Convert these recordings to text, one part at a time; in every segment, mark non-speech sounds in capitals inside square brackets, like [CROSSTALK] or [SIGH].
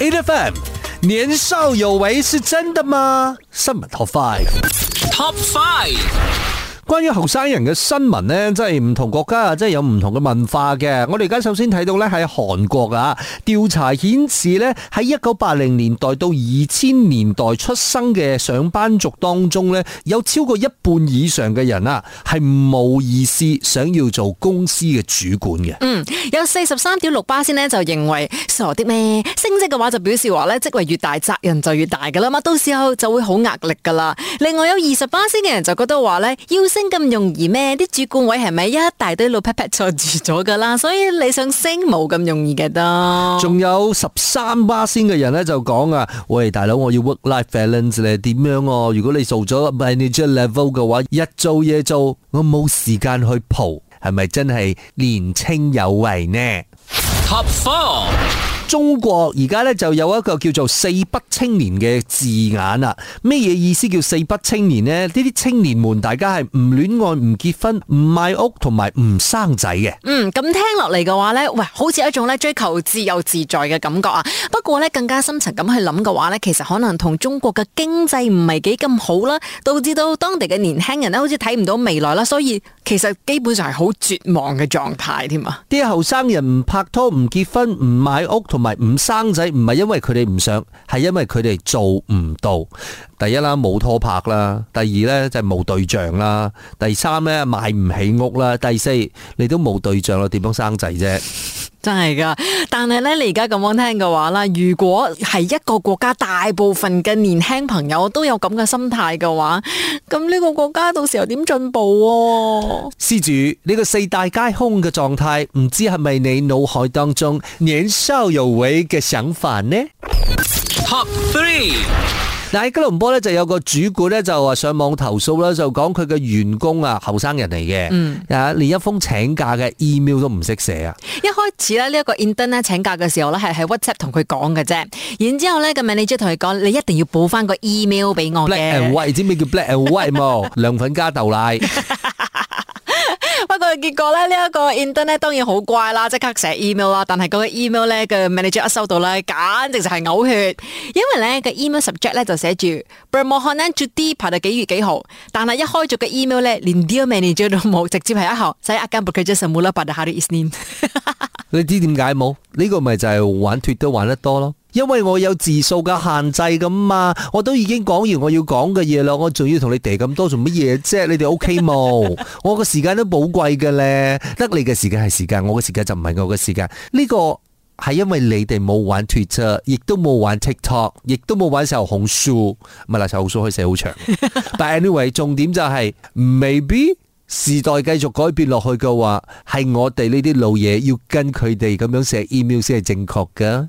A F 年少有為是真的嗎？新聞 top five top five 關於後生人嘅新聞呢，真係唔同國家啊，真係有唔同嘅文化嘅。我哋而家首先睇到呢，喺韓國啊，調查顯示呢，喺一九八零年代到二千年代出生嘅上班族當中呢，有超過一半以上嘅人啊，係冇意思想要做公司嘅主管嘅。嗯，有四十三點六八先呢就認為。傻啲咩？升職嘅話就表示話咧，職位越大責任就越大噶啦，嘛，到時候就會好壓力噶啦。另外有二十巴仙嘅人就覺得話咧，要升咁容易咩？啲主管位係咪一大堆老 pat pat 坐住咗噶啦？所以你想升冇咁容易嘅多。仲有十三巴仙嘅人咧就講啊，喂大佬，我要 work life balance 咧，點樣哦、啊？如果你做咗 manager level 嘅話，一做嘢做，我冇時間去蒲，係咪真係年青有為呢？Top four。中國而家咧就有一個叫做四不青年嘅字眼啦。咩嘢意思叫四不青年呢？呢啲青年們大家係唔戀愛、唔結婚、唔買屋同埋唔生仔嘅。嗯，咁聽落嚟嘅話呢，喂，好似一種咧追求自由自在嘅感覺啊。不過呢，更加深層咁去諗嘅話呢，其實可能同中國嘅經濟唔係幾咁好啦，導致到當地嘅年輕人呢，好似睇唔到未來啦，所以其實基本上係好絕望嘅狀態添啊。啲後生人唔拍拖、唔結婚、唔買屋唔係唔生仔，唔係因為佢哋唔想，係因為佢哋做唔到。第一啦，冇拖拍啦；第二呢，就係冇對象啦；第三呢，買唔起屋啦；第四你都冇對象啦，點樣生仔啫？真係噶，但係呢，你而家咁樣聽嘅話啦，如果係一個國家大部分嘅年輕朋友都有咁嘅心態嘅話，咁呢個國家到時候點進步喎？施主，呢個四大皆空嘅狀態，唔知係咪你腦海當中年少有為嘅想法呢？Top three。嗱，喺吉隆坡咧就有個主管咧就話上網投訴啦，就講佢嘅員工啊，後生人嚟嘅，啊連一封請假嘅 email 都唔識寫啊！一開始咧，呢一個 intern 咧請假嘅時候咧係喺 WhatsApp 同佢講嘅啫，然之後咧個 manager 同佢講，你一定要補翻個 email 俾我嘅，black and white，知唔知叫 black and white 冇？涼 [LAUGHS] 粉加豆奶。 [LAUGHS] 結果咧，呢一個 intern 咧當然好乖啦，即刻寫 email 啦。但係嗰個 email 呢，個 manager 一收到咧，簡直就係嘔血，因為呢個 email subject 呢就寫住 Brahmohanand Choudhry 排到幾月幾號，但係一開咗個 email 呢，連 Dear Manager 都冇，直接係一行，所以阿 Gembridge 就冇啦，排到下日先念。你知點解冇？呢、呢個咪就係玩脱都玩得多囉。」因為我有字數嘅限制㗎嘛，我都已經講完我要講嘅嘢啦，我仲要同你哋咁多做乜嘢啫？你哋 OK 冇？我個時間都寶貴嘅咧，得你嘅時間係時間，我嘅時間就唔係我嘅時間。呢、這個係因為你哋冇玩 Twitter，亦都冇玩 TikTok，亦都冇玩小紅書。唔係，小紅書可以寫好長。但係 anyway，重點就係、是、maybe 時代繼續改變落去嘅話，係我哋呢啲老嘢要跟佢哋咁樣寫 email 先係正確㗎。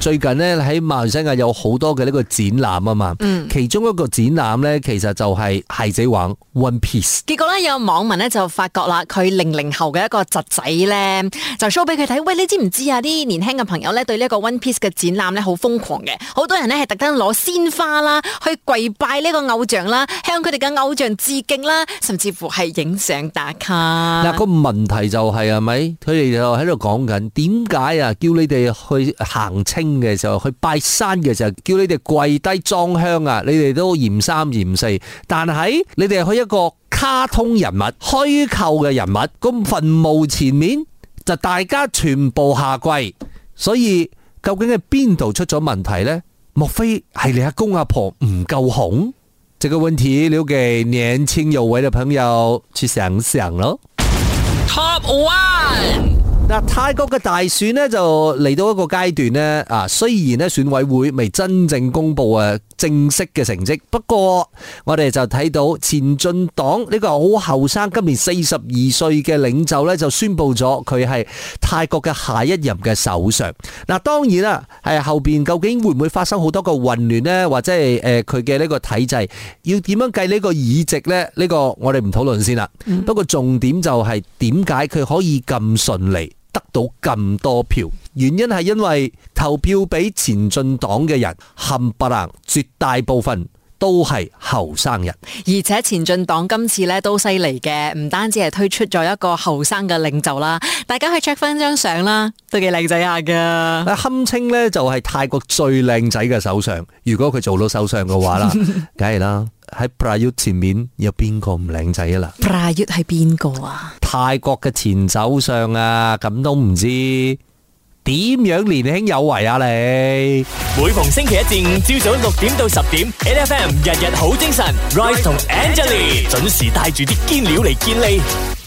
最近咧喺馬來西亞有好多嘅呢個展覽啊嘛，嗯，其中一個展覽咧其實就係海賊王 One Piece。結果咧有網民咧就發覺啦，佢零零後嘅一個侄仔咧就 show 俾佢睇，喂，你知唔知啊？啲年輕嘅朋友咧對呢個 One Piece 嘅展覽咧好瘋狂嘅，好多人咧係特登攞鮮花啦去跪拜呢個偶像啦，向佢哋嘅偶像致敬啦，甚至乎係影相打卡。嗱、啊那個問題就係係咪？佢哋就喺度講緊點解啊？叫你哋去行清嘅時候去拜山嘅時候叫你哋跪低裝香啊，你哋都嫌三嫌四，但係你哋去一個卡通人物虛構嘅人物，咁墳墓前面就大家全部下跪，所以究竟係邊度出咗問題呢？莫非係你阿公阿婆唔夠紅？這個問題留給年輕有為嘅朋友去想想咯。Top one。嗱，泰國嘅大選呢，就嚟到一個階段呢。啊，雖然呢選委會未真正公布誒正式嘅成績，不過我哋就睇到前進黨呢個好後生，今年四十二歲嘅領袖呢，就宣佈咗佢係泰國嘅下一任嘅首相。嗱，當然啦，係後邊究竟會唔會發生好多個混亂呢？或者係誒佢嘅呢個體制要點樣計呢個議席呢？呢個我哋唔討論先啦。不過重點就係點解佢可以咁順利？得到咁多票，原因係因為投票俾前進黨嘅人冚唪唥，絕大部分都係後生人，而且前進黨今次咧都犀利嘅，唔單止係推出咗一個後生嘅領袖啦，大家去 check 翻張相啦，都幾靚仔下㗎，堪稱咧就係泰國最靚仔嘅首相，如果佢做到首相嘅話啦，梗係啦。喺 Prayut 前面有邊個唔靚仔啊啦？Prayut 係邊個啊？泰國嘅前首相啊，咁都唔知點樣年輕有為啊你？每逢星期一至五朝早六點到十點，NFM 日日好精神，Rise ye 同 R ye Angelie 準時帶住啲堅料嚟堅利。